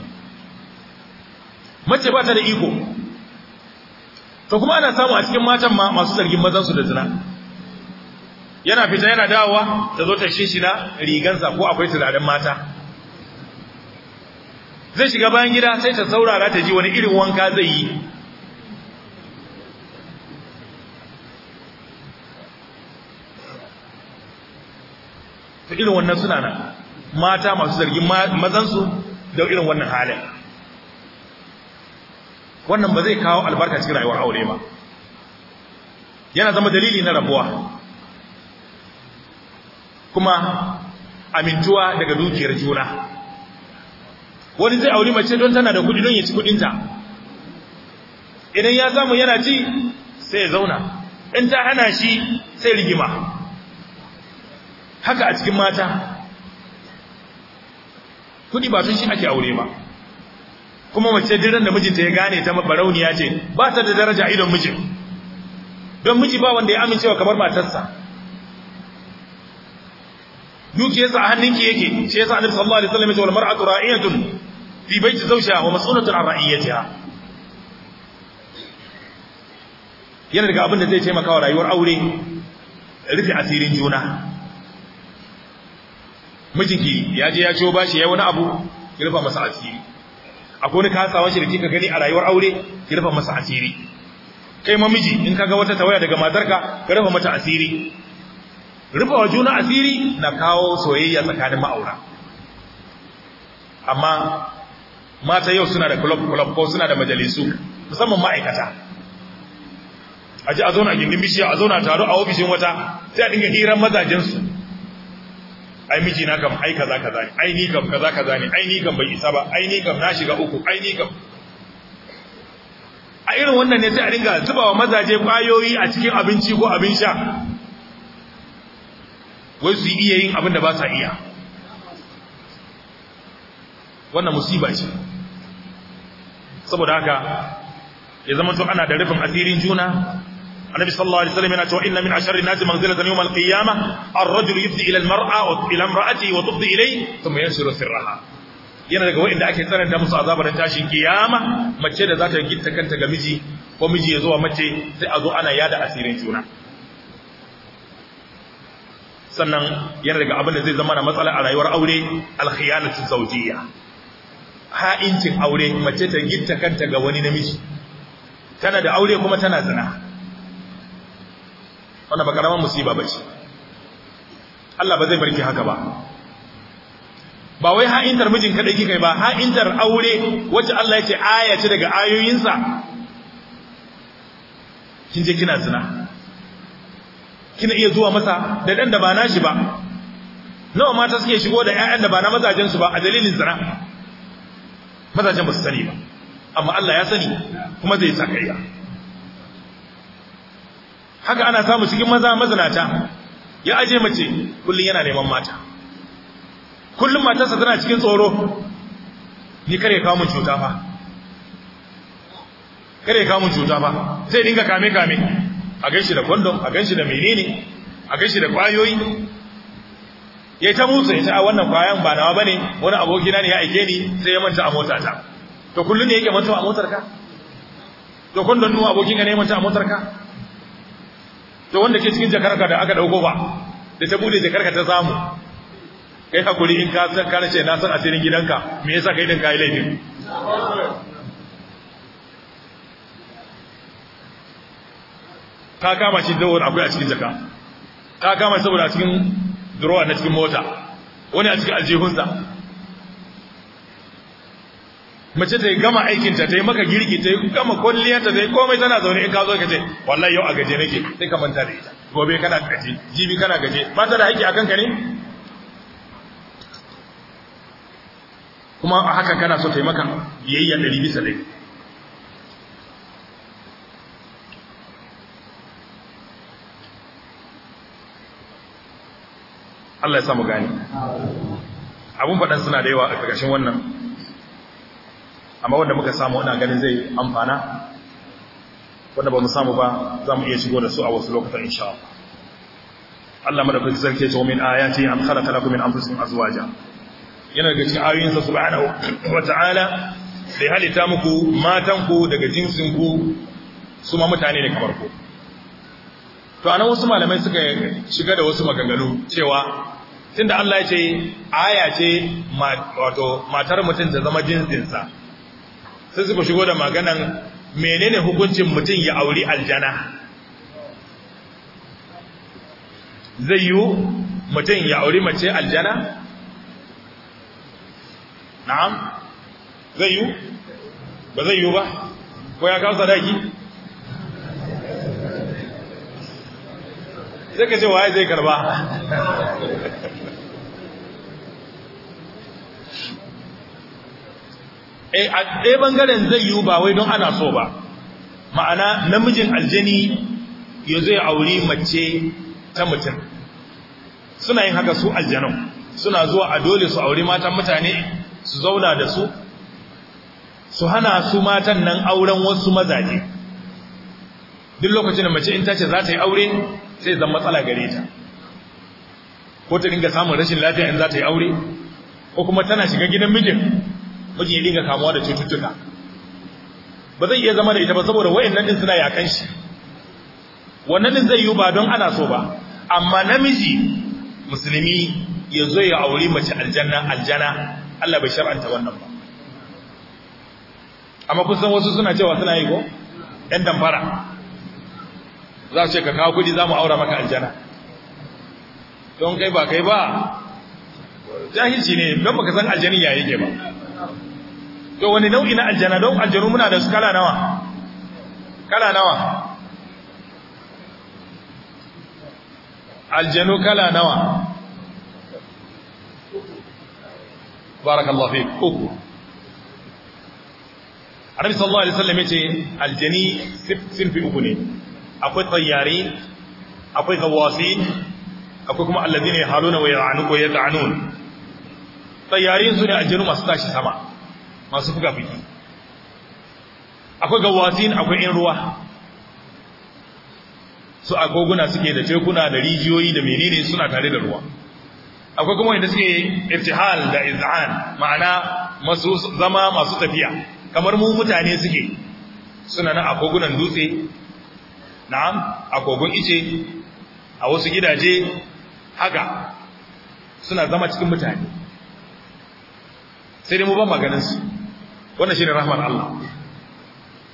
mace ba ta da iko to kuma ana samu a cikin matan ma masu zargin mazan su da zina yana fita yana dawowa ta zo ta shishina rigansa ko akwai turaren mata zai shiga bayan gida sai ta saurara ta ji wani irin wanka zai yi ta irin wannan suna na mata masu zargin mazansu da irin wannan halin wannan ba zai kawo albarka cikin rayuwar aure ba yana zama dalili na rabuwa kuma amintuwa daga dukiyar juna wani zai auri mace don tana da kudi don ya ci kudinta idan ya samu yana ci sai ya zauna in ta hana shi sai rigima haka a cikin mata kudi ba sun shi ake aure ba kuma mace diran da mijinta ya gane ta barauniya ce ba ta da daraja idon mijin don miji ba wanda ya amincewa kamar matarsa dukiyarsa a hannunki yake shi yasa annabi sallallahu alaihi wasallam ya ce wal mar'atu ra'iyatun fi baiti zawjiha wa mas'ulatun an ra'iyatiha yana daga abin da zai taimakawa wa rayuwar aure rufe asirin juna mijinki ya je ya ya wani abu ki rufa masa asiri akwai wani kasawa shi da kika gani a rayuwar aure ki rufa masa asiri kai mamiji in kaga wata tawaya daga matarka ka rufa mata asiri rufa wa juna asiri na kawo soyayya tsakanin ma'aura amma mata yau suna da club club ko suna da majalisu musamman ma'aikata a ji a zauna gindin bishiya a zauna taro a ofishin wata sai a dinga hiran mazajensu ai miji na kam ai kaza kaza ne ai ni kam kaza kaza ne ai ni kam bai isa ba ai ni kam na shiga uku ai ni kam a irin wannan ne sai a dinga zubawa mazaje kwayoyi a cikin abinci ko abin sha wai su iya yin abin da ba sa iya wannan musiba ce saboda haka ya zama to ana da rufin asirin juna annabi sallallahu alaihi wasallam yana cewa inna min asharri nasi manzilatan yawm al-qiyamah ar-rajulu yubdi ila al-mar'a wa ila imra'ati wa tubdi ilayhi thumma yanshuru sirraha yana daga wanda ake tsananta musu azabar tashin kiyama mace da za ta gitta kanta ga miji ko miji ya zo mace sai a zo ana yada asirin juna sannan yana daga abin da zai zama na matsala a rayuwar aure alkhiyanatu zawjiyya ha'incin aure mace ta gitta kanta ga wani namiji tana da aure kuma tana zina wannan ba karamar musiba ba ce Allah ba zai barki haka ba ba wai ha'intar mijin kadai kika ba ha'intar aure wacce Allah ya ce aya ce daga ayoyinsa kin je kina zina kina iya zuwa masa da dan da ba nashi ba nawa mata suke shigo da ƴaƴan da ba na mazajen su ba a dalilin zina mazajen ba su sani ba amma Allah ya sani kuma zai sakayya haka ana samu cikin maza mazinata ya aje mace kullum yana neman mata kullum matarsa tana cikin tsoro ni kare kawo mun cuta fa kare kawo mun cuta fa sai dinga kame kame a ganshi da kondom a ganshi da menene a ganshi da kwayoyi ya ta musu ya a ah, wannan kwayan ba nawa bane wani abokina ne ya aike ni sai ya manta a mota ta to kullun ne yake manta a motar ka to kun don nuna abokin ka ne manta a motar ka to wanda ke cikin jakarka da aka dauko ba da ta bude jakarka ta samu kai hakuri in ka san kana ce na san asirin gidanka me yasa kai din kai laifin ka kama shi da akwai a cikin jaka ka kama saboda a cikin durowa na cikin mota wani a cikin aljihunsa mace ta yi gama aikinta ta yi maka girki ta yi gama kwalliyanta ta yi komai tana zaune in ka zo ka ce wallahi yau a gaje nake sai ka manta da ita gobe kana gaje jibi kana gaje ba ta da aiki a kanka ne kuma haka kana so ta yi maka biyayya ɗari bisa ɗari Allah ya samu gani abun faɗan suna da yawa a ƙarƙashin wannan amma wanda muka samu ina ganin zai amfana wanda ba mu samu ba za mu iya shigo da su a wasu lokutan insha Allah Allah madafin sarki ce min ayati an khalaqa lakum min anfusikum azwaja yana daga cikin ayoyin sa subhanahu wa ta'ala sai halitta muku matan ku daga jinsin ku su ma mutane ne kamar ku to anan wasu malamai suka shiga da wasu maganganu cewa tunda Allah ya ce aya ce wato matar mutum ta zama jinsinsa sai suka shigo da maganan menene hukuncin mutum ya auri aljana zai yiwu mutum ya auri mace aljana na'am zai yiwu ba zai yiwu ba ko ya kawo sadaki sai ka ce waye zai karba eh, a ɗaya ɓangaren zai yiwu ba wai don ana so ba ma'ana namijin aljani ya zai auri mace ta mutum suna yin haka su aljanan suna zuwa a dole su auri matan mutane su zauna da su su hana su matan nan auren wasu mazaje duk lokacin da mace in tace za ta yi aure sai zan matsala gare ta ko ta dinga samun rashin lafiya in za ta yi aure ko kuma tana shiga gidan mijin mijin ya dinga kamuwa da cututtuka ba zai iya zama da ita ba saboda wayannan din suna yakan shi wannan din zai yi ba don ana so ba amma namiji musulmi ya zo ya aure mace aljanna aljana Allah bai shar'anta wannan ba amma kusan wasu suna cewa suna yi ko ɗan damfara za su ce ka kawo kudi za mu aura maka aljana don kai ba kai ba jahilci ne don baka san aljanin ya yake ba to wani nau'i na aljana don aljanu muna da su kala nawa kala nawa aljanu kala nawa barakallahu fi uku annabi sallallahu alaihi wasallam yace aljani fi uku ne akwai tsayyari akwai gawafi akwai kuma allazi ne haluna wa ya'anu ko yata'anun tsayyari su ne aljanu masu tashi sama masu fuka fiki akwai gawafi akwai in ruwa su agoguna suke da tekuna da rijiyoyi da menene suna tare da ruwa akwai kuma wanda suke irtihal da iz'an ma'ana masu zama masu tafiya kamar mu mutane suke suna na agogunan dutse na'am a kogon ice a wasu gidaje haka suna zama cikin mutane sai dai mu ba maganin su wannan shine rahmar Allah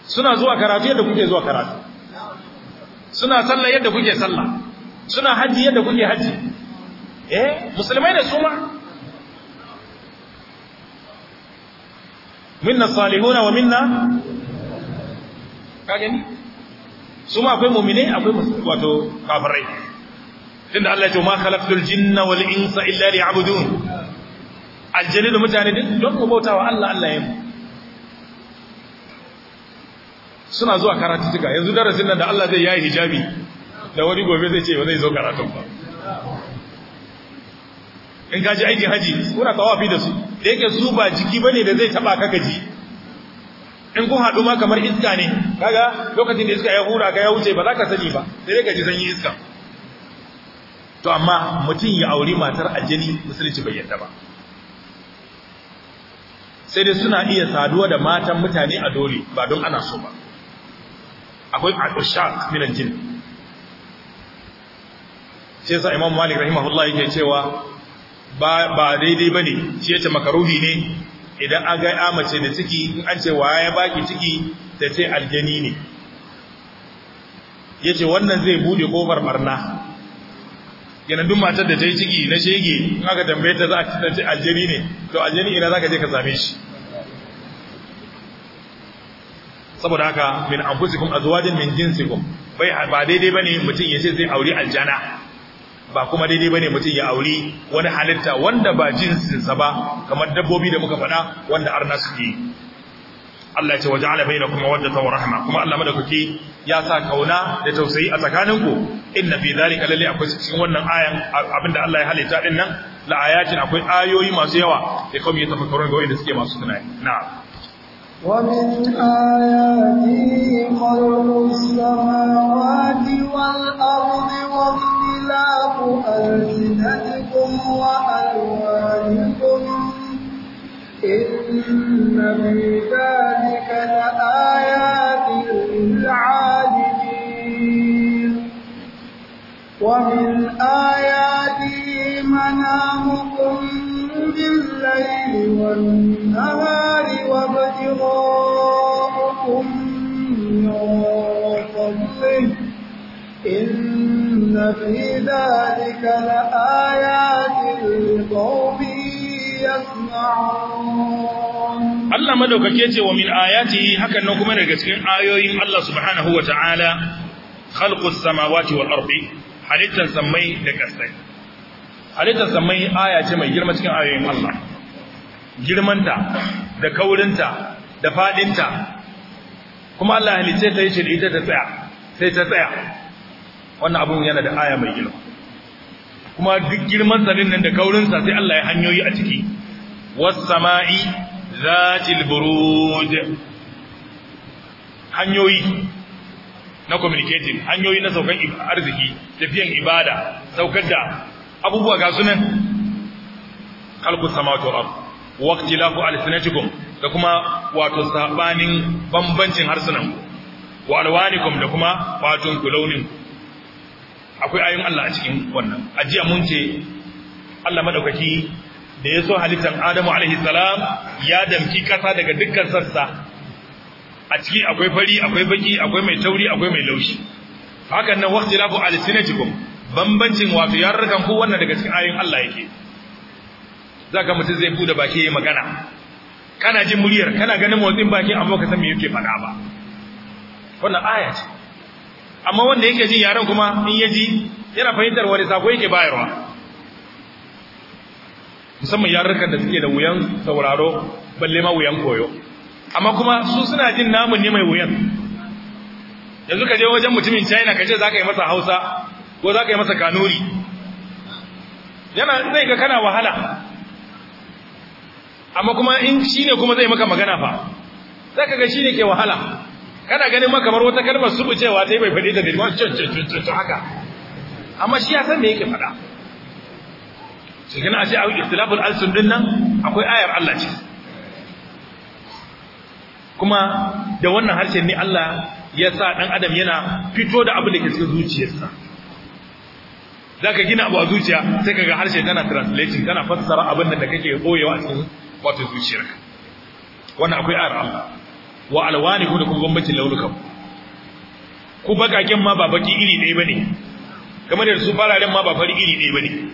suna zuwa karatu yadda kuke zuwa karatu suna sallah yadda kuke sallah suna haji yadda kuke haji eh musulmai ne su ma minna salihuna wa minna ka gani su ma akwai mu'mine akwai wato kafirai tunda Allah ya ce ma khalaqtul jinna wal insa illa liya'budun aljanni da mutane din don mu bautawa Allah Allah ya suna zuwa tuka yanzu darasin nan da Allah zai yayi hijabi da wani gobe zai ce ba zai zo karatun ba in ka ji aikin haji kuna tawafi da su da yake su ba jiki bane da zai taba kaka ji in kun haɗu ma kamar iska ne kaga lokacin da iska ya hura ka ya wuce ba za ka sani ba sai ka ji sanyi iska to amma mutum ya auri matar aljani musulunci bai yadda ba sai dai suna iya saduwa da matan mutane a dore ba don ana so ba akwai al-ushaq min al sai sa imam malik rahimahullah yake cewa ba daidai ba ne shi yace makaruhi ne idan an ga mace da ciki in an ce wa ya baki ciki ta ce aljani ne ya ce wannan zai bude kofar barna yana duk matar da ta yi ciki na shege in aka tambaye ta za a ce aljani ne to aljani ina za ka je ka same shi saboda haka min anfusikum azwajin min jinsikum bai ba daidai bane mutum ya ce zai aure aljana ba kuma daidai bane mutum ya auri wani halitta wanda ba jinsinsa ba kamar dabbobi da muka faɗa wanda arna suke Allah ya ce waje ala bainakum mawaddata wa rahma kuma Allah ke ya sa kauna da tausayi a tsakaninku inna fi zalika lalle akwai cikin wannan ayan abinda Allah ya halitta din nan la ayatin akwai ayoyi masu yawa da kuma yi tafakkaru ga wanda suke masu tunani na'am ومن آياته خلق السماوات والأرض وما اختلاف ألسنتكم وألوانكم إن في ذلك لآيات للعالمين ومن آياته منامكم بالليل والنهار وابتغاءكم إن في ذلك لآيات لقوم يسمعون الله مدوكاكيتي ومن آياته هكا نوكم من الجسكين آيوين الله سبحانه وتعالى خلق السماوات والأرض halittar sammai da ƙasai halittar sammai aya ce mai girma cikin ayoyin Allah girmanta da kaurinta da fadinta kuma Allah halice ta yi ita ta tsaya sai ta tsaya wannan abun yana da aya mai girma kuma duk girman sanin nan da kaurinsa sai Allah ya hanyoyi a ciki was-sama'i zatil buruj hanyoyi na communicating hanyoyi na saukan arziki tafiyan ibada saukar da abubuwa ga sunan khalqus samawati wal ard ikhtilafu alsinatikum da kuma wato sabanin bambancin harsunan ku. wa alwanikum da kuma fatun kulaunin akwai ayoyin Allah a cikin wannan ajiya mun ce Allah madaukaki da ya so halittar Adamu alaihi salam ya damki kasa daga dukkan sassa a ciki akwai fari akwai baki akwai mai tauri akwai mai laushi hakan nan lafu alsinatikum bambancin wato yarrukan ku wannan daga cikin ayoyin Allah yake zaka mutum zai bude baki yayi magana kana jin muryar kana ganin motsin baki amma ka san me yake faɗa ba wannan aya ce amma wanda yake jin yaren kuma in yaji yana fahimtar wani sako yake bayarwa musamman yarurkan da suke da wuyan sauraro balle ma wuyan koyo amma kuma su suna jin namun ne mai wuyan yanzu ka je wajen mutumin china ka ce za ka yi masa hausa ko za ka yi masa kanuri yana zai ga kana wahala amma kuma in shi ne kuma zai maka magana fa za ka ga shi ne ke wahala kana ganin ma kamar wata kalmar su bucewa tai bai fadi da dalilin cin cin cin cin haka amma shi ya san me yake fada sai kana ce a ikhtilafu al-alsun nan, akwai ayar Allah ce kuma da wannan harshe ne Allah ya sa dan adam yana fito da abin da ke cikin zuciyarsa zaka gina abu a zuciya sai kaga harshe tana translating tana fassara abin da kake boyewa a cikin wato zuciyarka wannan akwai ayar Allah wa ku da kuma bambancin launukan ku bakaken ma ba baki iri ɗaya bane kamar da su fararen ma ba fari iri ɗaya bane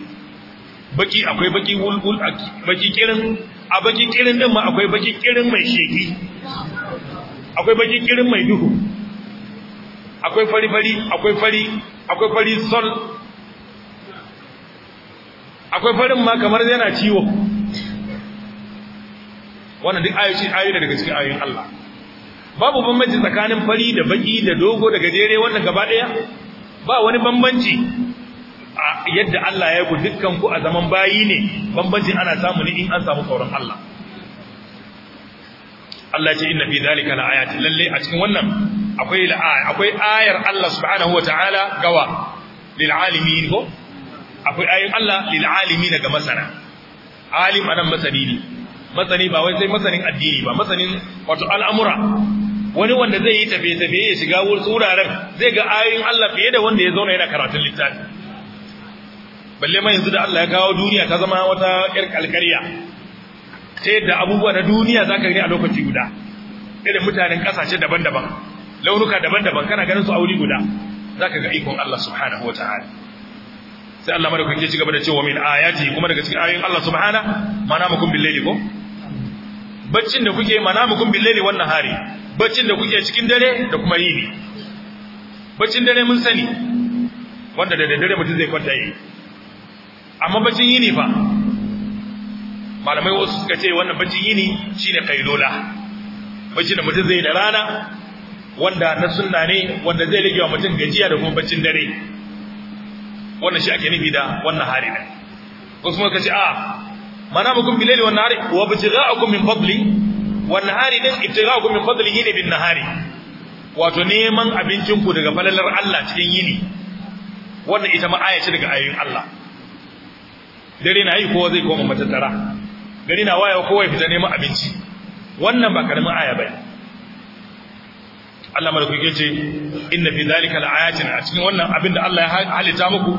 baki akwai baki wulwul baki kirin a baki kirin din ma akwai baki kirin mai sheki akwai baki kirin mai duhu akwai fari fari akwai fari akwai fari sol akwai farin ma kamar yana ciwo wannan duk ayoyi ayoyi daga cikin ayoyin Allah babu bambanci tsakanin fari da baki da dogo da gajere wannan gaba daya ba wani bambanci yadda Allah ya yi dukkan ku a zaman bayi ne bambancin ana samu ne in an samu tsoron Allah Allah ce inna fi dalika la ayati lalle a cikin wannan akwai akwai ayar Allah subhanahu wataala gawa lil alimin ko akwai ayin Allah lil alimin ga masana alim anan masani ne masani ba wai sai masanin addini ba masanin wato al'amura wani wanda zai yi tafiye-tafiye ya shiga wuraren zai ga ayoyin Allah fiye da wanda ya zauna yana karatun littafi balle mai yanzu da Allah ya kawo duniya ta zama wata ƴar kalkariya ta yadda abubuwa na duniya za ka gani a lokaci guda irin mutanen kasashe daban-daban launuka daban-daban kana ganin su a wuri guda ka ga ikon Allah subhanahu ta'ala sai Allah madaukake ci gaba da cewa min ayati kuma daga cikin ayoyin Allah subhana manamukum bil-laili ko baccin da kuke manamukum bil-laili wannan hari? baccin da kuke cikin dare da kuma yini baccin dare mun sani wanda da dare mutum zai kwanta yi amma baccin yini fa malamai wasu suka ce wannan baccin yini shine kailola baccin da mutum zai da rana wanda na sunna ne wanda zai rage wa mutum gajiya da kuma baccin dare wannan shi ake nufi da wannan hari ne wasu muka ce a mana mukum bilali wannan hari wa bajiga'akum min fadli wannahari nahari din ibtiga'ukum min fadlihi ne bin nahari wato neman abincin ku daga falalar Allah cikin yini wannan ita ma aya ce daga ayoyin Allah dare na yi kowa zai koma matattara gari na waya ko ya fita neman abinci wannan ba karamin aya bane Allah malaku yake ce inna fi zalika laayatin a cikin wannan abin da Allah ya halitta muku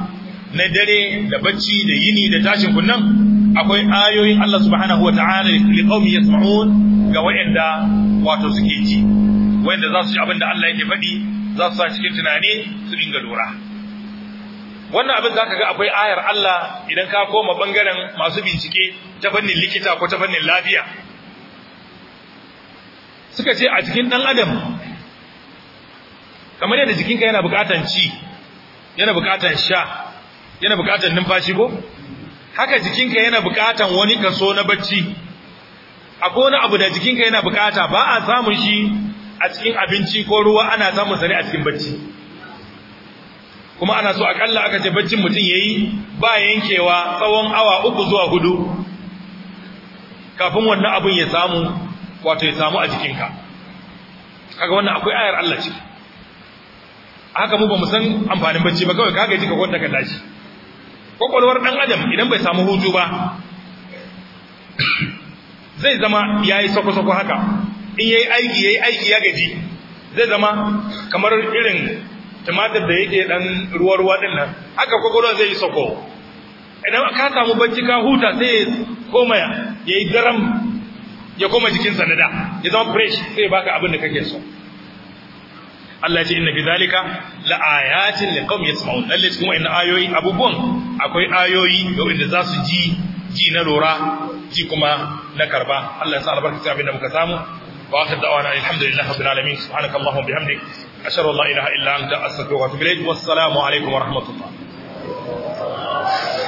na dare da bacci da yini da tashin kunnan akwai ayoyin Allah subhanahu wata'ala li qaumi yasma'un ga wayanda wato suke ji wayanda za su ji abin da Allah yake faɗi za su sa cikin tunani su dinga lura wannan abin zaka ga akwai ayar Allah idan ka koma bangaren masu bincike ta fannin likita ko ta fannin lafiya suka ce a cikin dan adam kamar yadda jikinka yana bukatan ci yana bukatan sha yana buƙatar numfashi ko haka jikinka yana buƙatar wani kaso na bacci akwai wani abu da jikinka yana buƙata ba a samun shi a cikin abinci ko ruwa ana samun sa ne a cikin bacci kuma ana so akalla aka ce baccin mutum yayi ba yankewa tsawon awa uku zuwa hudu kafin wannan abun ya samu wato ya samu a jikinka kaga wannan akwai ayar Allah ciki haka mu ba mu san amfanin bacci ba kawai kaga ji ka kwanta ka tashi kwakwalwar ɗan adam idan bai samu hutu ba zai zama ya yi sako-sako haka in ya yi aiki ya yi aiki ya gaji zai zama kamar irin tumatir da yake ɗan ruwa-ruwa ɗin nan haka kwakwalwar zai yi sako idan ka samu bacci ka huta sai ya koma ya yi daram ya koma jikinsa na da ya zama fresh sai baka abin da kake so Allah ce inna fi zalika la ayatin liqaumin yasma'un lalle cikin wayannan ayoyi abubuwan akwai ayoyi ga wanda za su ji ji na lura ji kuma na karba Allah ya sa albarka sai abin da muka samu wa akhir da'wana alhamdulillahi rabbil alamin subhanaka allahumma bihamdik ashhadu an la ilaha illa anta astaghfiruka wa atubu ilaik wassalamu alaikum wa rahmatullah